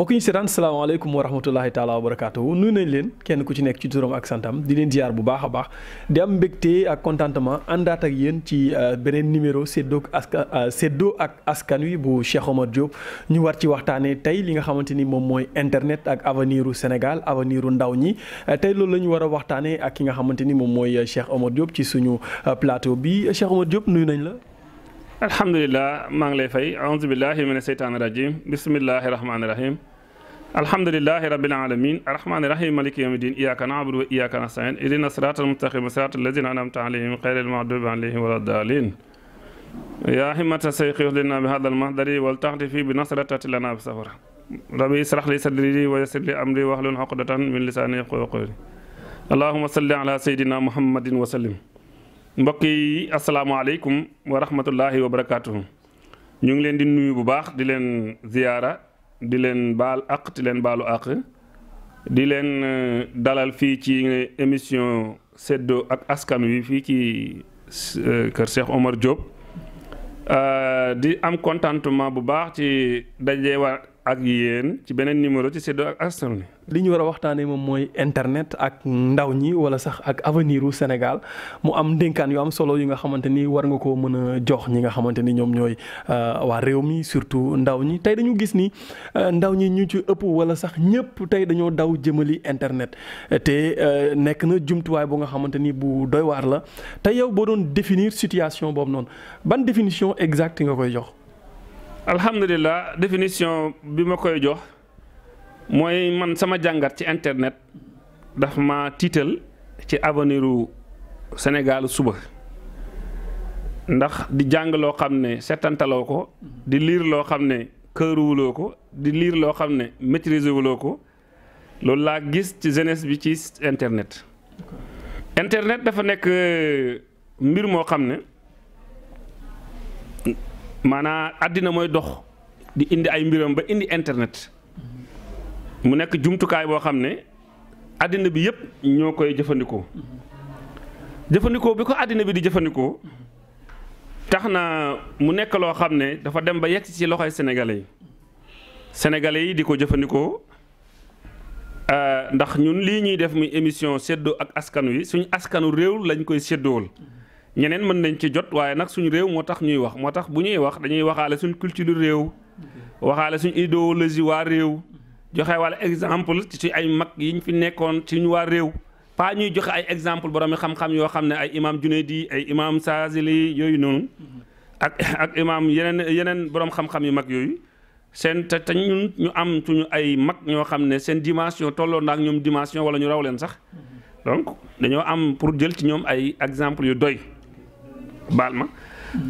mbokk ñu seetaan salaamaaleykum wa rahmatullahi taala wa nuyu nañ leen kenn ku ci nekk ci turam ak santam di leen ziar bu baax a baax di am mbégte contentement àndaat ak yéen ci euh, beneen numéro séddoo ak askan euh, séddoo ak askan wi bu Cheikh Omar Diop ñu war ci waxtaane tey li nga xamante ni moom mooy internet ak avenir senegal Sénégal avenir ndaw ñi euh, tey loolu la ñu war a waxtaanee ak ki nga xamante ni moom mooy Cheikh Omar Diop ci suñu plateau bi Cheikh Omar Diop nuyu nañ la. alhamdulilah maa ngi lay fay aouzu billahi mina seytaani rajim bismillahi rahmaani rahim. alhamdulilahi rabbil alamin arrahmani rahim maliki yawmi din iyyaka na'budu wa iyyaka nasta'in ihdina siratal mustaqima siratal ladzina an'amta alayhim ghayril maghdubi alayhim waladdallin yaa himmata sayxi lana bi hadal mahdari wal taxti fii bi nasratati lana bi safara rabbi israh li sadri wa yassir li amri wahlul uqdatan min lisaani yafqahu qawli allahumma salli ala sayyidina muhammadin wa sallim mbokk yi asalaamaaleykum wa rahmatullahi wa barakaatuhu ñu ngi leen di nuyu bu baax di leen ziyaara di leen baal àq ti leen baalu àq di leen euh, dalal fii ci émission Séddoo ak askan wi fii ci euh, kër Cheikh Omar Diop euh, di am contentement bu baax ci dajewaat ak yéen ci beneen numéro ci Séddoo ak askan wi li ñu war a waxtaanee moom mooy internet ak ndaw ñi wala sax ak avenir u Sénégal mu am ndénkaan yu am solo yi nga xamante ni war nga koo mën a jox ñi nga xamante ni ñoom ñooy euh, waa réew mi surtout ndaw ñi tey dañu gis ni euh, ndaw ñi ñu ci ëpp wala sax ñëpp tey dañoo daw jëmali internet te euh, nekk na jumtuwaay bu nga xamante ni bu doy waar la te yow boo doon définir situation boobu noonu ban définition exacte nga koy jox. alhamdulilah définition bi ma koy jox. mooy man sama jàngat ci internet daf ma tiital ci avenir u suba ndax di jàng loo xam ne setantaloo ko di liir loo xam ne këruwuloo ko di liir loo xam ne maîtriser wuloo ko loolu laa gis ci jeunesse bi ci internet internet dafa nekk euh, mbir moo xam ne maanaa àddina mooy dox di indi ay mbiram ba indi internet mu nekk jumtukaay boo xam ne àddina bi yëpp ñoo koy jëfandikoo jëfandikoo bi ko àddina bi di jëfandikoo tax na mu nekk loo xam ne dafa dem ba yegg ci loxoy sénégalais yi sénégalais yi di ko jëfandikoo euh, ndax ñun lii ñuy def muy émission séddoo ak askan wi suñu askanu réew lañ koy séddool ñeneen mën nañ ci jot waaye nag suñu réew moo tax ñuy wax moo tax bu ñuy wax dañuy waxaale suñu culture réew waxaale suñu idéologie waa réew joxe wala exemple ci suñu ay mag ñu fi nekkoon ci ñu waa réew pas ñuy joxe ay exemple borom xam-xam yoo xam ne ay imam Junayd ay imam Saazili yooyu noonu ak ak imam yeneen yeneen borom xam-xam yu mag yooyu seen te te ñun ñu am suñu ay mag ñoo xam ne seen dimension tolloon na ak ñoom dimension wala ñu raw leen sax donc dañoo am pour jël ci ñoom ay exemple yu doy baal ma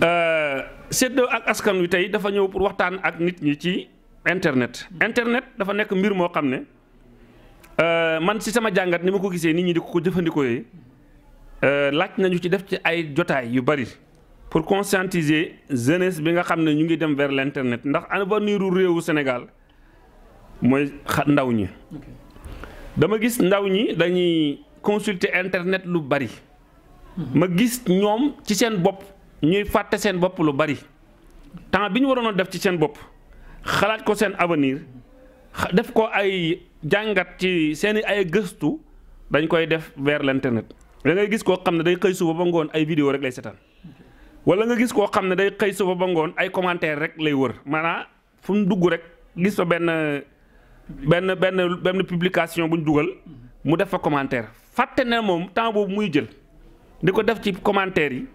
euh, seddoo ak askan wi tey dafa ñëw pour waxtaan ak nit ñi ci. internet internet dafa nekk mbir moo xam ne euh, man si sama jàngat ni ma ko gisee nit ñi di ko jëfandikoo yi euh, laaj nañu ci def ci ay jotaay yu bari pour conscientiser jeunesse bi nga xam ne ñu ngi dem vers l' internet ndax avenir u réewu senegal mooy ndaw ñi. dama gis ndaw ñi dañuy consulter internet lu bari. Hmm. ma gis ñoom ci seen bopp ñuy fàtte seen bopp lu bari tam bi ñu waroon a def ci seen bopp. xalaat ko seen avenir def ko ay jàngat ci seeni ay gëstu dañ koy def vers l'internet da gis koo xam ne day xëy suba ba ngoon ay vidéo rek lay seetaan wala nga gis koo xam ne day xëy suba ba ngoon ay commentaire rek lay wër maanaam fu mu dugg rek gis fa benn benn benn benn publication bu ñu dugal mu def fa commentaire fàtte ne moom temps boobu muy jël di ko def ci commentaire yi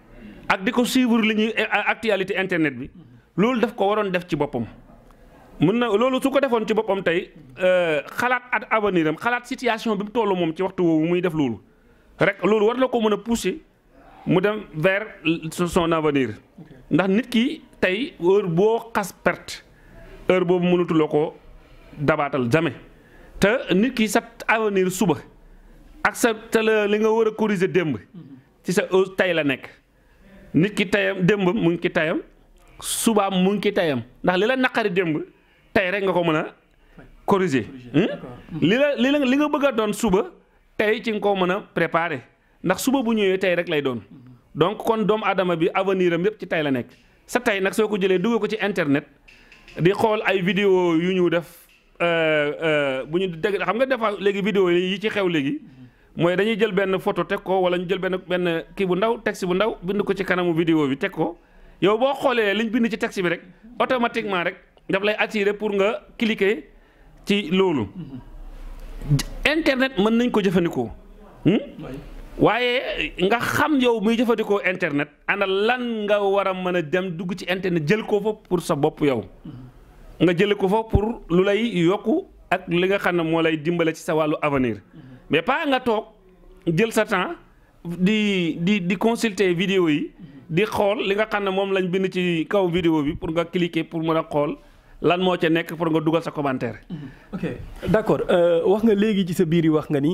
ak di ko suivre li ñuy actualité internet bi loolu daf ko waroon def ci boppam mun na loolu su ko defoon ci boppam tey euh, xalaat at avenir am xalaat situation bi mu toll moom ci waxtu woowu muy def loolu rek loolu war na ko mën a pousser mu dem vers son avenir ndax nit ki tey heure boo xas perte heure boobu mënatuloo ko dabaatal jamais te nit ki sa avenir suba ak sa te la li nga war a corriger démb ci sa tay la nekk nit ki tayam démbam mu ngi ki tayam subaam mu ki tayam ndax li la naqari démb tey rek nga ko mën a corriger hmm? Hmm. li la li la li nga bëgg a doon suba tey ci nga ko mën a préparer ndax suba bu ñëwee tey rek lay doon hmm. donc kon doomu aadama bi avenir am yépp ci tey la nekk sa tey nag soo ko jëlee dugg ko ci internet di xool ay vidéo yu ñu def euh, euh, bu ñu dégg xam nga defa léegi vidéo yi ci xew léegi mooy dañuy jël benn photo teg ko wala ñu jël benn benn kii bu ndaw texte bu ndaw bind ko ci kanamu vidéo bi teg ko yow boo xoolee liñ bind ci texte bi rek automatiquement rek daf lay attirer pour nga cliquer ci loolu internet mën nañ ko jëfandikoo hmm? waaye nga xam yow muy jëfandikoo internet ana lan nga war a mën a dem dugg ci internet jël ko fa pour sa bopp yow mhm. nga jël ko fa pour lu lay yokk ak li nga xam ne moo lay dimbale ci sa wàllu avenir mhm. mais pas nga toog jël sa temps di di di consulter vidéo yi mhm. di xool li nga xam ne moom lañ bind ci kaw vidéo bi pour nga cliquer pour mën a xool lan moo ca nekk pour nga dugal sa commentaire. Mm-hmm. ok d' accord euh, wax nga léegi ci sa biir yi wax nga ni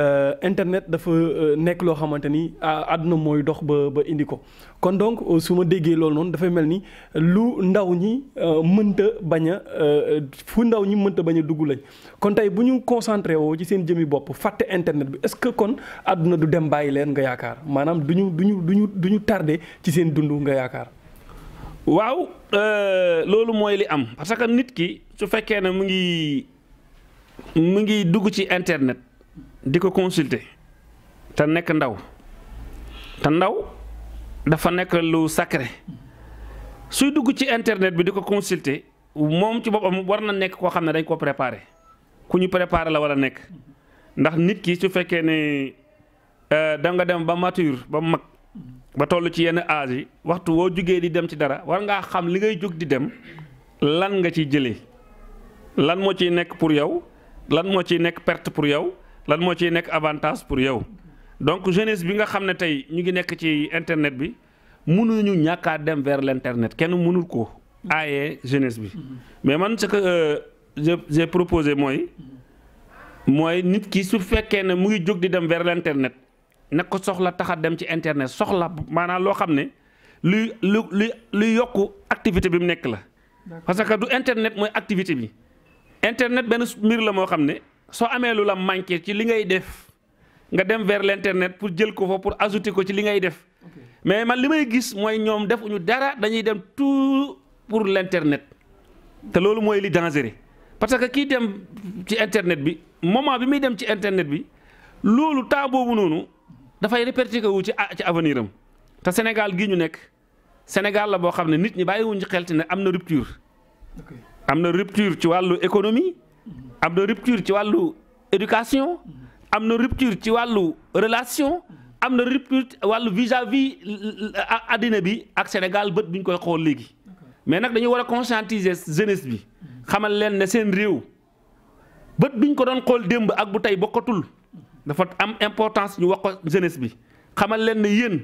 euh, internet dafa euh, nekk loo xamante ni àdduna mooy dox ba ba indi ko kon donc su ma déggee loolu noonu dafay mel ni lu ndaw ñi mënta bañ a fu ndaw ñi mënta bañ a dugg lañ kon tey bu ñu concentré woo ci seen jëmi bopp fàtte internet bi est ce que kon àdduna du dem bàyyi leen nga yaakaar maanaam du ñu du ñu du ñu du ñu tardé ci seen dund nga yaakaar. waaw euh, loolu mooy li am parce que nit ki su fekkee ne mu ngi mu ngi dugg ci internet di ko consulter te nekk ndaw te ndaw dafa nekk lu sacré suy dugg ci internet bi di ko consulter moom ci boppam war na nekk koo xam ne dañ koo préparer ku ñu préparer la war a nekk ndax nit ki su fekkee ne euh, da nga dem ba mature ba mu mag. ba toll ci yenn âge waxtu woo jógee di dem ci dara war ngaa xam li ngay jóg di dem lan nga ci jëlee lan moo ciy nekk pour yow lan moo ciy nekk perte pour yow lan moo ciy nekk avantage pour yow donc jeunesse bi nga xam ne tey ñu ngi nekk ci internet bi mënul ñu ñàkkaa dem vers linternet kenn mënul ko aaye jeunes bi mais man ce que euh, j'ai proposé mooy mooy nit ki su fekkee ne mu ngi jóg di dem vers l' nag ko soxla taxa dem ci internet soxla maanaam loo xam ne lu lu lu luy yokk activité bi mu nekk la. parce que du internet mooy activité bi. internet benn mbir la moo xam ne soo amee lu la manqué ci li ngay def nga dem vers l' internet pour jël ko fa pour ajouter ko ci li ngay def. mais man li may gis mooy ñoom defuñu dara dañuy dem tout pour l' internet. te loolu mooy li dangereux parce que kii dem ci internet bi moment bi muy dem ci internet bi loolu temps boobu noonu. dafay répercuté wu ci ci avenir am te Sénégal gii ñu nekk Sénégal la boo xam ne nit ñi bàyyiwuñ ci xel ne am na rupture. am na rupture ci wàllu économie am na rupture ci wàllu éducation am na rupture ci wàllu relation am na rupture wàllu vis-à-vis addina bi ak Sénégal bët bi ñu koy xool léegi. mais nag dañu war a conscientiser jeunesse bi xamal leen ne seen réew bët bi ñu ko doon xool démb ak bu tey bokkatul. dafa am importance ñu wax ko jeunesse bi xamal leen ne yéen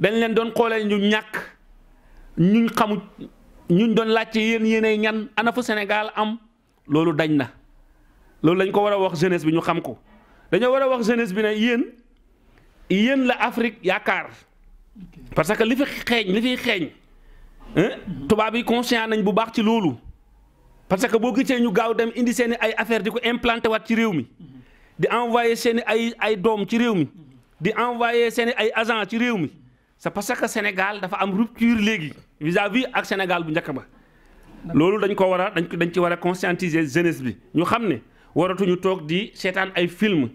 dañ leen doon xoolee ñu ñàkk ñuñ xamu ñuñ doon laajte yéen yéenay ñan ana fu Sénégal am loolu dañ na loolu lañ ko war a wax jeunesse bi ñu xam ko dañoo war a wax jeunesse bi ne yéen yéen la Afrique yaakaar parce que li fi xeeñ li fiy xeeñ tubaab yi conscient nañ bu baax ci loolu parce que boo gisee ñu gaaw dem indi seeni ay affaire di ko implanté waat ci réew mi di envoyer seeni ay ay doom ci réew mi di envoyer seeni ay agent ci réew mi c'est parce que Sénégal dafa am rupture léegi vis-à-vis ak Sénégal bu njëkk ba loolu dañ ko war a dañ dañ ci war a conscientiser jeunesse bi ñu xam ne waratuñu toog di seetaan ay film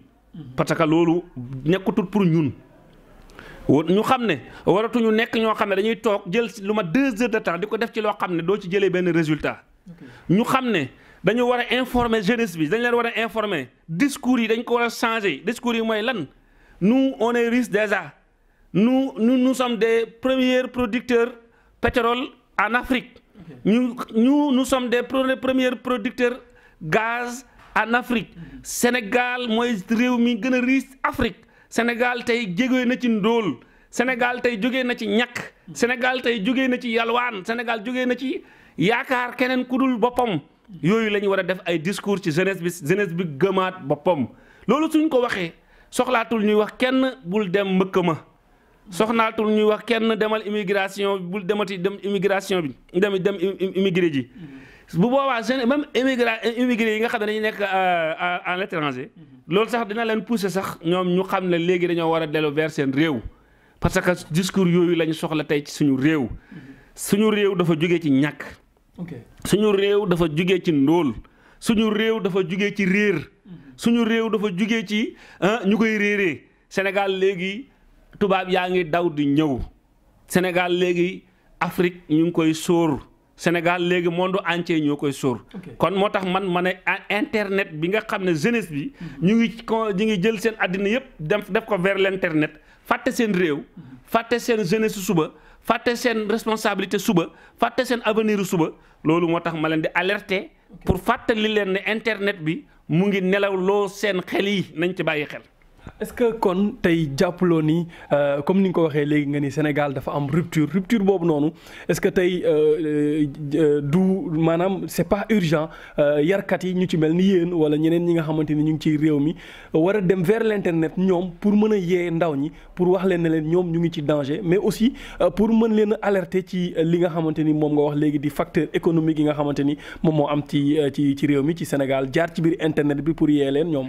parce que loolu nekkutul pour ñun ñu xam ne waratuñu nekk ñoo xam ne dañuy toog jël lu ma deux heures de temps di ko def ci loo xam ne doo ci jëlee benn résultat ñu xam ne dañu war a informer jeunesse bi dañ leen war a informer discours yi dañ ko war changé changer mooy lan nous on est riche déjà nu nu nous de première producteur producteurs pétrole en Afrique ñu ñu nous sommes des premiers producteurs gaz en Afrique Sénégal mooy réew mi gën a riche Afrique Sénégal tey jégee na ci ndóol Sénégal tey jógee na ci ñàkk mm. Sénégal tey jógee na ci yalwaan Sénégal jógee na ci yaakaar keneen ku dul boppam yooyu la ñu war a def ay discours ci jeunesse bi jeunesse bi gëmaat boppam loolu suñ ko waxee soxlaatul ñuy wax kenn bul dem mbëkk ma soxnaatul ñuy wax kenn demal immigration bul demati dem immigration bi dem dem immigré ji bu boobaa jeune même immigra immigré yi nga xam ne dañuy nekk en euh, l'étranger loolu sax dina leen pousser sax ñoom ñu xam ne léegi dañoo war a dellu vers seen réew parce que discours yooyu lañu soxla tey ci suñu réew suñu réew dafa jóge ci ñàkk suñu réew dafa jugee ci ndóol suñu réew dafa jugee ci réer suñu réew dafa jugee ci ah, ñu koy réeree Sénégal léegi tubaab yaa ngi daw di ñëw Sénégal léegi Afrique ñu ngi koy sóor Sénégal léegi monde entier ñoo koy sóor kon moo tax man ma ne ah, internet bi nga xam ne jeunesse bi hmm. ñu ngi ko ñu ngi jël seen àddina yëpp dem def ko vers l' fàtte seen réew hmm. fàtte seen jeunesse suba fàtte seen responsabilité suba fàtte seen avenir suba loolu moo tax ma leen di alerter pour fàttali leen ne internet bi mu ngi nelaw loo seen xel yi nañ ci bàyyi xel. est-ce que kon tey jàppaloo ni euh, comme ni nga ko waxee léegi nga ni Sénégal dafa am rupture rupture boobu noonu est-ce que tey euh, euh, du maanaam c'est pas urgent yarkat yi ñu ci mel ni yéen wala ñeneen ñi nga xamante ni ñu ngi ciy réew mi war a dem vers l'internet ñoom pour mën a yee ndaw ñi pour wax leen ne leen ñoom ñu ngi ci danger mais aussi pour mën leen a alerter ci li nga xamante ni moom nga wax léegi di facteur économique yi nga xamante ni moom moo am ci ci ci réew mi ci Sénégal jaar ci biir internet bi pour yee leen ñoom.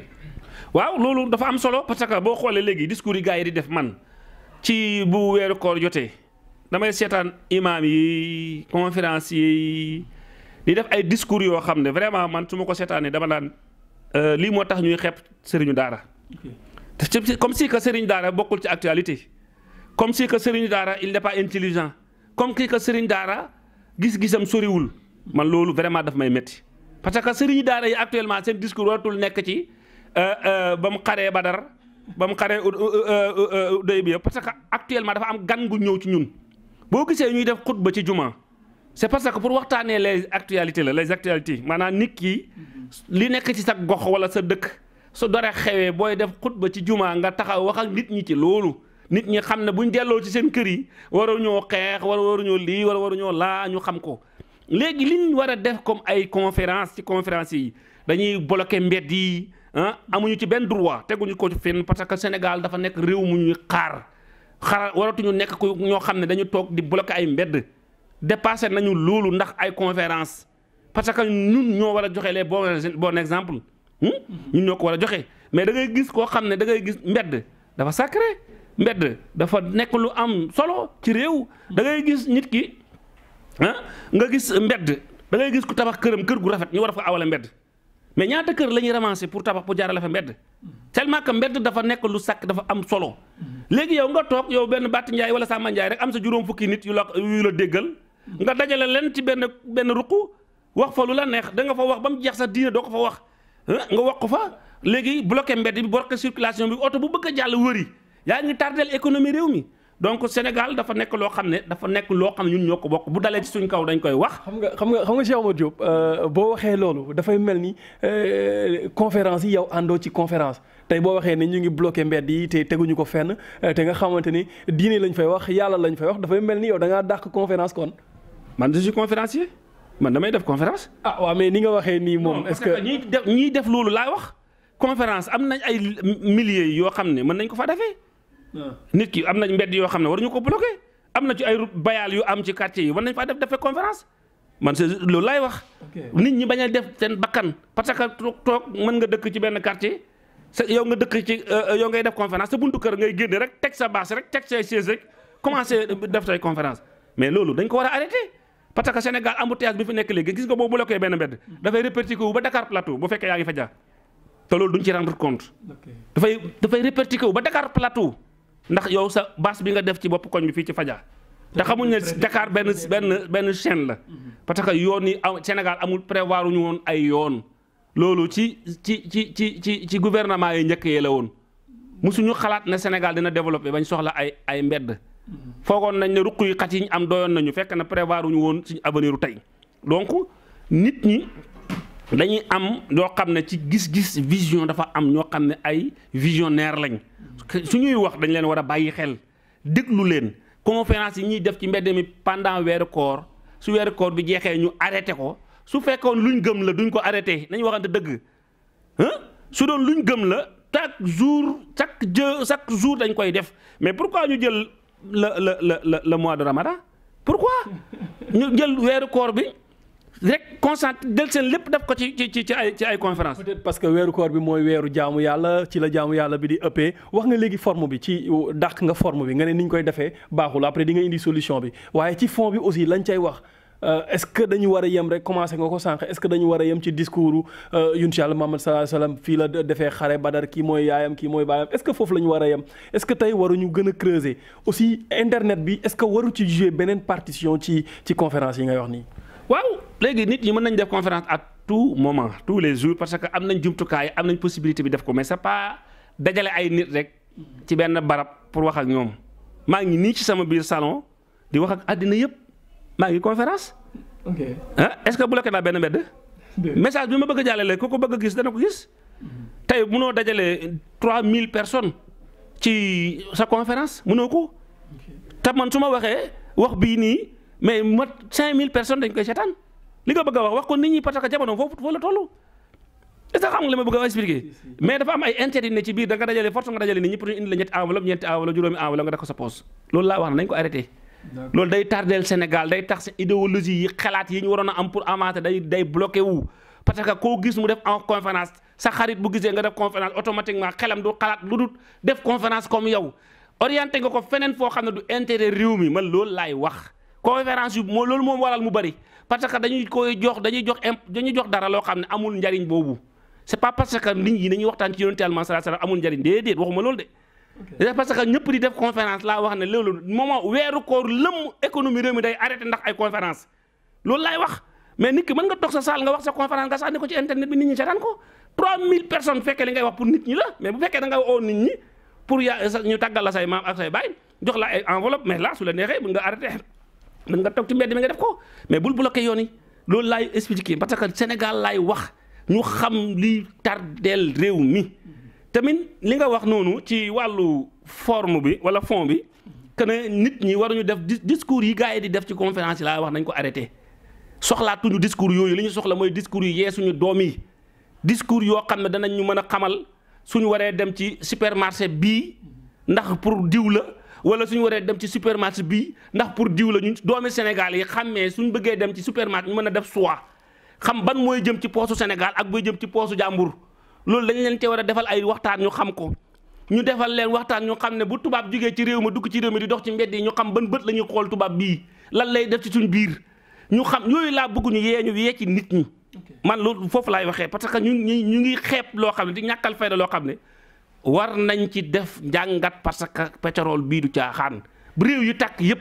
waaw loolu dafa am solo parce que boo xoolee léegi discours yi gars yi di def man ci bu weeru koor jotee damay seetaan imaam yi conférence yi di def ay discours yoo xam ne vraiment man su ma ko seetaanee dama daan euh, lii moo tax ñuy xeeb sëriñu daara. comme si que sëriñ daara bokkul ci actualité comme si que sëriñ daara il n'est pas intelligent comme si que sëriñ daara gis-gisam soriwul man loolu vraiment daf may métti parce que sëriñu daara yi actuellement seen discours nekk ci. Euh, euh, ba mu xaree Badar ba mu xaree doy bi parce que actuellement dafa am gan gu ñëw ci ñun boo gisee ñuy def xutba ci juma c'est parce que pour waxtaanee les actualités la les actualités maanaam nit ki li nekk ci sa gox wala sa dëkk su dore xewee booy def xutba ci juma nga taxaw wax ak nit ñi ci loolu. nit ñi xam ne buñ delloo ci seen kër yi waruñoo xeex wala waruñoo lii wala waruñoo laa ñu xam ko léegi liñ war a def comme ay conférence ci conférence yi dañuy bloquer mbedd yi. amuñu ci benn droit teguñu ko fenn parce que Sénégal dafa nekk réew mu ñuy xaar xaar waratuñu nekk ku ñoo xam ne dañu toog di bloquer ay mbedd dépassé nañu loolu ndax ay conférence parce que ñun ñoo war a joxe les bon bon exemple hmm? ñun ñoo ko war a joxe mais da ngay gis koo xam ne dangay gis mbedd dafa sacré mbedd dafa nekk lu am solo ci réew dangay gis nit ki ah nga gis mbedd da ngay gis ku tabax këram kër gu rafet ñu war a fa awale mbedd mais ñaata kër la ñuy ramasser pour tabax bu jaarale fa mbedd tellement mbedd dafa nekk lu sàkk dafa am solo léegi yow nga toog yow benn Bàtt Njaay wala Samba Njaay rek am sa juróom fukki nit yu la yu la déggal nga dajale leen ci benn benn ruq wax fa lu la neex da nga fa wax ba mu jeex sa diine doo ko fa wax nga wax ko fa léegi bloqué mbedd bi bloqué circulation bi oto bu bëgg a jàll wëri yaa ngi tardeel économie réew mi donc Sénégal dafa nekk loo xam ne dafa nekk loo xam ne ñun ñoo ko bokk bu dalee ci suñ kaw dañ koy wax. xam nga xam nga xam nga Cheikh Omar Diop euh, boo waxee loolu dafay mel ni euh, conférence yi yow àndoo ci conférence. tey boo waxee ne ñu ngi bloqué mbedd yi te teguñu ko fenn euh, te nga xamante ni diine lañ fay wax yàlla lañ fay wax dafay mel ni yow da ngaa dàq conférence koon man je suis conférencier man damay def conférence. ah waaw mais ni nga waxee nii moom. est-ce que ñiy def ñiy def loolu wax. conférence am nañ ay milliers yoo xam ne mën nañ ko fa defee. nit ki am nañ mbedd yoo xam ne war waruñu ko bloqué am na ci ay bayaal yu am ci quartier yi war nañ faa def defee conférence man c'est loolu laay wax. nit ñi bañ a def seen bakkan parce que toog toog mën nga dëkk ci benn quartier. sa yow nga dëkk ci euh, euh, yow ngay def conference sa buntu kër ngay génne rek teg sa bâche rek teg say chaise rek commencé def say conférence mais loolu dañ ko war a arrêté parce que Sénégal embouteillage bi fi nekk léegi gis nga boo bloqué benn mbedd dafay répercuté wu ba bu fekkee yaa ngi loolu duñ ci rendre dafay dafay wu ba Dakar Plateau. ndax yow sa bâche bi nga def ci bopp koñ bi fii ci Fadia te xamuñ na Dakar benn benn benn chaîne la parce que yoon yi Sénégal amul prévoir ñu woon ay yoon loolu ci ci ci ci ci ci gouvernement yi njëkk yee la woon musuñu xalaat ne Sénégal dina développé bañ soxla ay ay mbedd foogoon nañ ne ruq yu xat yi ñu am doyoon nañu fekk na prévoir ñu woon suñu avenir tey donc nit ñi dañuy am doo xam ne ci gis-gis vision dafa am ñoo xam ne ay visionnaire lañ su ñuy wax dañ leen war a bàyyi xel déglu leen conférence yi ñuy def ci mbedd mi pendant weeru koor su weeru koor bi jeexee ñu arrêté ko su fekkoon luñ gëm la duñ ko arrêté nañu waxante dëgg su doon luñ gëm la chaque jour chaque jë chaque jour dañ koy def mais pour pourquoi ñu jël la la la le mois de pour pourquoi ñu jël weeru koor bi. rek concentré del seen lépp def ko ci ci ci ay ci ay conférence peut-être parce que weeru koor bi mooy weeru jaamu yàlla ci la jaamu yàlla bi di ëppee wax nga léegi forme bi ci dàq nga forme bi nga ne ni ñu koy defee baaxul après di nga indi solution bi waaye ci fond bi aussi lañ cay wax euh, est-ce dañu war a yem rek commencé nga ko sànq est-ce que war a yem ci discours euh, yonent Yàlla Muhammad sallallahu alayhi wasallam fii la defee xare Badar kii mooy yaayam kii mooy baayam est-ce que foofu la ñu war a yem est-ce que tey waruñu gën a creuser aussi internet bi est que waru ci jouer beneen partition ci ci conférence yi ngay wax nii léegi nit ñi mën nañ def conférence à tout moment tous les jours parce que am nañ jumtukaay am nañ possibilité bi def ko mais c'est pas dajale ay nit rek ci benn barab pour wax ak ñoom maa ngi nii ci sama biir salon di wax ak àddina yëpp maa ngi conférence. ok est-ce que bloqué naa benn mbedd. message bi ma bëgg a jàllale ku ko bëgg a gis dana ko gis. tey munoo dajale 3000 personnes ci sa conférence munoo ko. te man su ma waxee wax bii nii mais mat 5000 personnes dañ koy seetaan. li nga bëgg a wax wax ko nit ñi parce que jamono foofu foofu la toll est-ce xam nga li ma bëgg a expliquer mais dafa am ay intérêt ne ci biir da nga dajale force nga dajale nit ñi pour ñu indi la ñetti enveloppe ñeenti enveloppe juróomi enveloppe nga laa wax nañ ko arrêté loolu day tardeel Sénégal day tax sa idéologie yi xalaat yi ñu waroon a am pour avancer day day bloqué wu que koo gis mu def en conférence sa xarit bu gisee nga def conférence automatiquement xelam du xalaat lu dul def conférence comme yow orienté nga ko feneen foo xam ne du intérêt réew mi man loolu laay wax conférence yu loolu moom waral mu bari parce que dañuy koy jox dañuy jox imp dañuy jox dara loo xam ne amul njariñ boobu c'est pas parce que nit ñi dañuy waxtaan ci yonent Yàlla sallallahu alayhi wasallam amul njariñ déedéet waxuma loolu de. c'est parce que ñëpp di def conférence laa wax ne loolu moment weeru koor lëmm économie réew mi day arrêté ay conférence loolu laay wax mais nit ki mën nga toog sa saal nga wax sa conférence nga sànni ko ci internet bi nit ñi seetaan ko 3000 personnes bu fekkee li ngay wax pour nit ñi la mais bu fekkee na nga woo nit ñi pour ya ñu tàggal la say maam ak say baay jox la ay enveloppe mais là su neexee mën nga arrêté. mën nga toog ci mbedd mi nga def ko mais bul bloqué yoon yi loolu laay expliqué parce que Sénégal laay wax ñu xam li tardeel réew mi. tamit li nga wax noonu ci wàllu forme bi wala fond bi que ne nit ñi waruñu def discours yi gars yi di def ci conférence yi wax nañ ko arrêté soxlaatuñu discours yooyu li ñu soxla mooy discours yi yee ñu doom yi discours yoo xam ne danañ ñu mën a xamal suñu waree dem ci supermarché bii ndax pour diw la. wala suñu waree dem ci supermarché bii ndax pour diw la ñu doomi Sénégal yi xàmmee suñ bëggee dem ci supermarché ñu mën a def choix xam ban mooy jëm ci poosu Sénégal ak buy jëm ci poosu jàmbur loolu dañ leen cee war a defal ay waxtaan ñu xam ko ñu defal leen waxtaan ñu xam ne bu tubaab jógee ci réew ma dugg ci réew mi di dox ci mbedd yi ñu xam ban bët la ñuy xool tubaab bii lan lay def ci suñ biir ñu xam yooyu laa bëgg yee ñu yee ci nit ñi man loolu foofu laay waxee parce que ñu ñu ngi xeeb loo xam ne di ñàkkal fayda loo xam ne war nañ ci def njàngat parce que pétrole bii du caaxaan bu réew yu tàkk yépp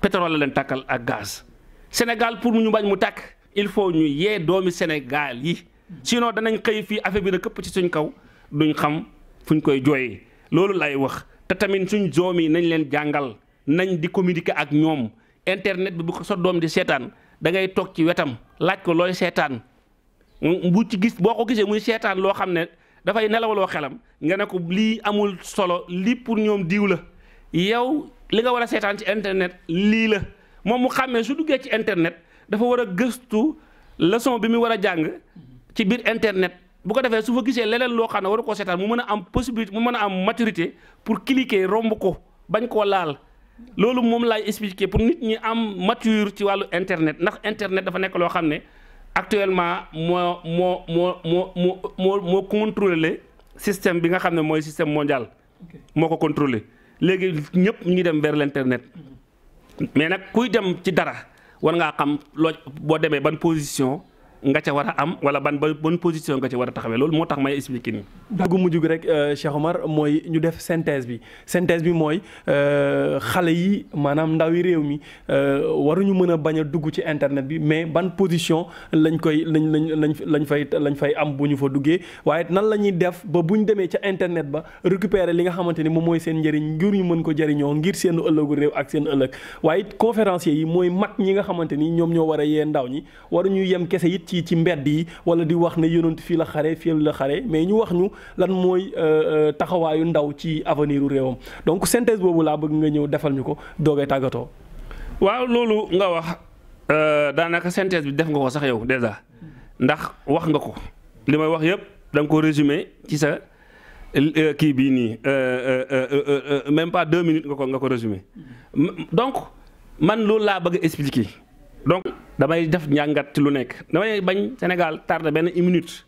pétrole la leen tàkkal ak gaz Sénégal pour ñu bañ mu tàkk il faut ñu yee doomi Sénégal yi sinon danañ xëy fii affaire bi na këpp ci suñ kaw duñ xam fuñ koy jooyee loolu lay wax te tamit suñ doom yi nañ leen jàngal nañ di communiquer ak ñoom internet bi bu ko sa doom di seetaan da ngay toog ci wetam laaj ko looy seetaan bu ci gis boo ko gisee muy seetaan loo xam ne dafay nelawaloo xelam nga ne ko lii amul solo lii pour ñoom diw la yow li nga war a seetaan ci internet lii la moom mu xàmmee su duggee ci internet dafa war a gëstu leçon bi mu war a jàng ci biir internet bu ko defee su fa gisee leneen loo xam ne waru koo seetaan mu mën a am possibilité mu mën a am maturité pour cliquer romb ko bañ koo laal loolu moom laay expliquer pour nit ñi am mature ci wàllu internet ndax internet dafa nekk loo xam ne actuellement moo moo moo moo moo moo contrôler système bi nga xam ne mooy système mondial moo ko contrôler léegi ñëpp ñu ngi dem vers l'internet mm-hmm. mais nag kuy dem ci dara war ngaa xam loo boo demee ban position nga ca war a am wala ban ba bonne position nga ca war a taxawee loolu moo tax may expliquer nii. dugg mujj gi rek euh, Cheikh Omar mooy ñu def synthèse bi synthèse bi mooy euh, xale yi maanaam ndawi réew mi euh, waruñu mën a bañ a dugg ci internet bi mais ban position lañ koy lañ lañ lañ fay lañ fay am bu ñu fa duggee waaye nan la ñuy def ba bu ñu demee ca internet ba récupérer li nga xamante ni moom mooy seen njëriñ ngir ñu mën ko jëriñoo ngir seen ëllëgu réew ak seen ëllëg waaye conférencier yi mooy mag ñi nga xamante ni ñoom ñoo war a yee ndaw ñi waruñu yem kese it ci ci mbedd yi wala di wax ne yonent fii la xare fii la xare mais ñu wax ñu lan mooy euh, euh, taxawaayu ndaw ci avenir u réewam donc synthèse boobu laa bëgg nga ñëw defal ñu ko doogee tàggatoo. waaw loolu nga wax euh, daanaka synthèse bi def nga ko sax yow déjà ndax wax nga ko li may wax yëpp da nga ko résumé ci sa kii bii nii même pas deux minutes nga ko nga ko résumé donc man loolu laa bëgg expliquer. donc damay def njàngat ci lu nekk damay bañ Sénégal tardé benn une minute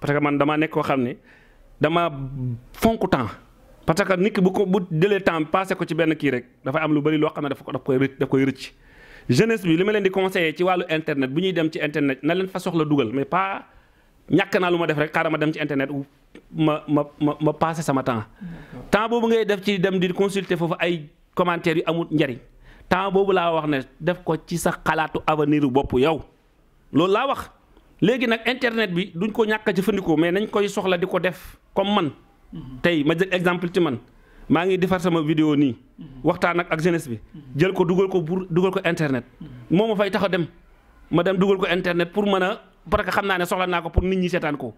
parce que man dama nekk koo xam ne dama fonk temps parce que nit ki bu ko bu jëlee temps passé ko ci benn kii rek dafa am lu bari loo xam ne daf ko daf koy rëcc daf koy rëcc. jeunesse bi li ma leen di conseillé ci wàllu internet bu ñuy dem ci internet na leen fa soxla dugal mais pas ñàkk naa lu ma def rek xaaral ma dem ci internet ma ma ma ma passé sama temps temps boobu ngay def ci dem di consulter foofu ay commentaires yu amul njariñ temps boobu laa wax ne def ko ci sa xalaatu avenir bopp yow loolu laa wax léegi nag internet bi duñ ko ñàkk jëfandikoo mais nañ koy soxla di ko def comme man tey ma jël exemple ci man maa ngi defar sama vidéo nii waxtaan ak ak jeunesse bi jël ko dugal ko pour dugal ko internet moo ma fay tax a dem ma dem dugal ko internet pour mën a parce que xam naa ne soxla naa ko pour nit ñi seetaan ko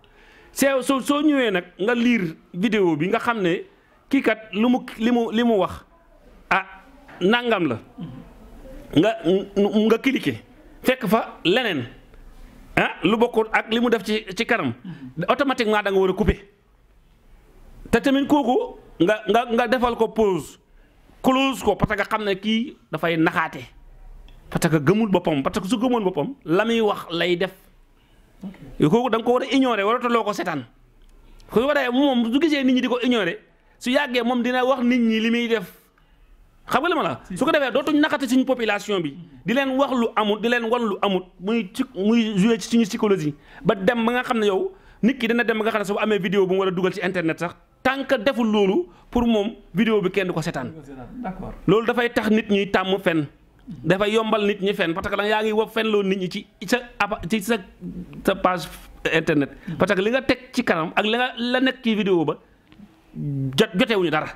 soo so soo ñëwee nag nga liir vidéo bi nga xam ne kii kat lu li mu li mu wax ah, nangam la nga nga cliquer fekk fa leneen ah lu bokkul ak li mu def ci ci kanam automatiquement da nga war a couper te tamit kooku nga nga nga defal ko pause close ko parce xam ne kii dafay naxaate parce que gëmul boppam parce que su gëmoon boppam la muy wax lay def kooku da nga ko war a ignorer waratuloo ko setaan su waree moom su gisee nit ñi di ko ignorer su yàggee moom dina wax nit ñi li muy def. xam nga li ma la su ko defee dootuñ naxati suñu population bi di leen wax lu amut di leen wan lu amut muy ci muy joué ci suñu psychologie ba dem ba nga xam ne yow nit ki dana dem ba nga xam ne su amee vidéo bu mu war a dugal ci internet sax tant que deful loolu pour moom vidéo bi kenn du ko seetaan loolu dafay tax nit ñuy tàmm fen dafay yombal nit ñi fen parce que da yaa ngi wax fen loolu nit ñi ci sa ci sa sa page internet parce que li nga teg ci kanam ak li nga la nekk ci vidéo ba jot jotewuñu dara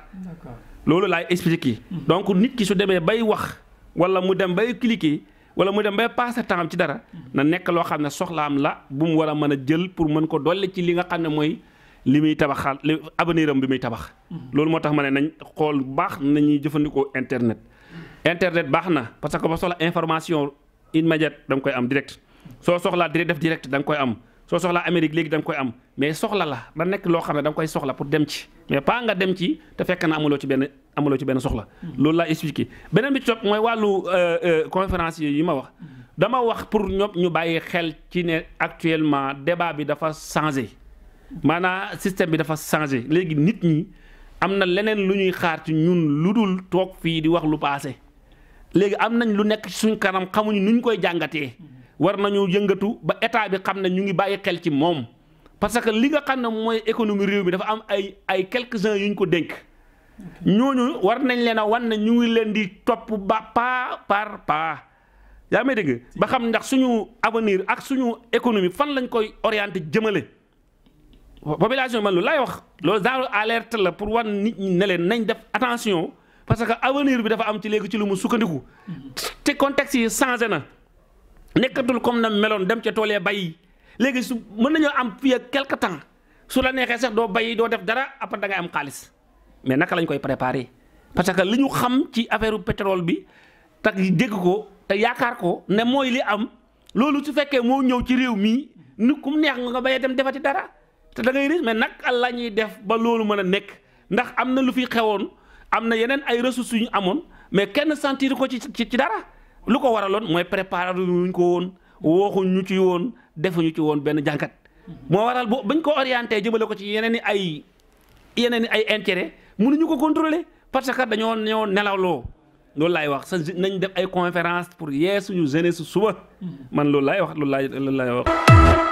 loolu laay expliquer donc nit ki su demee bay wax wala mu dem bay cliquer wala mu dem bay passé temps ci dara na nekk loo xam ne soxlaam la bu mu war a mën a jël pour mën ko dolli ci li nga xam ne mooy li muy tabaxal li avenir am bi muy tabax. loolu moo tax ma ne nañ xool baax nañuy jëfandikoo internet. internet baax na parce que ba soxla information immédiate da nga koy am direct soo soxlaa direct def direct danga koy am soo soxla Amérique léegi danga koy am mais soxla la da nekk loo xam ne da nga koy soxla pour dem ci mais pas nga ci te amuloo ci benn soxla. loolu laa expliqué beneen bi ci mooy wàllu euh, euh, conférence yi ma wax. dama wax pour ñoom ñu bàyyi xel ci ne actuellement débat bi dafa changé maanaa système bi dafa changé léegi nit ñi am na leneen lu ñuy xaar ci ñun lu dul toog fii di wax lu paase. léegi am nañ lu nekk ci suñ kanam xamuñu nuñ koy jàngatee war nañu yëngatu ba état bi xam na ñu ngi bàyyi xel ci moom parce que li nga xam ne mooy économie réew bi dafa am ay ay quelques yu ñu ko dénk. ñooñu war nañ leen a wan ne ñu ngi leen di topp ba pas paa pas yaa may dégg ba xam ndax suñu avenir ak suñu économie fan lañ koy orienté jëmale population man lu lay wax loolu genre alerte la pour wan nit ñi ne leen nañ def attention parce que avenir bi dafa am ci léegi ci lu mu sukkandiku te contexte yi changé na nekkatul comme na meloon dem ca tool yi bay léegi su mën nañoo am fii ak quelque su la neexee sax doo bay doo def dara après da ngay mais naka lañ koy préparer parce que li ñu xam ci affaire pétrole bi te dégg ko te yaakaar ko ne mooy li am loolu su fekkee moo ñëw ci réew mii ni kum neex nga bañ a dem ci dara te da ngay risque mais nag la ñuy def ba loolu mën a nekk ndax am na lu fi xewoon am na yeneen ay ressources suñu amoon mais kenn sentir ko ci ci dara lu ko waraloon mooy préparer ñu ko woon waxuñ ñu ci woon defuñu ci woon benn jànkat mm-hmm. moo waral bu bañ ko orienté jëmale ko ci yeneen i ay yeneen i ay intérêt ñu ko contrôler parce que dañoo ñoo nelawloo loolu laay wax sa nañ def ay conférence pour yee suñu su suba man loolu laay wax loolu laay loolu laay wax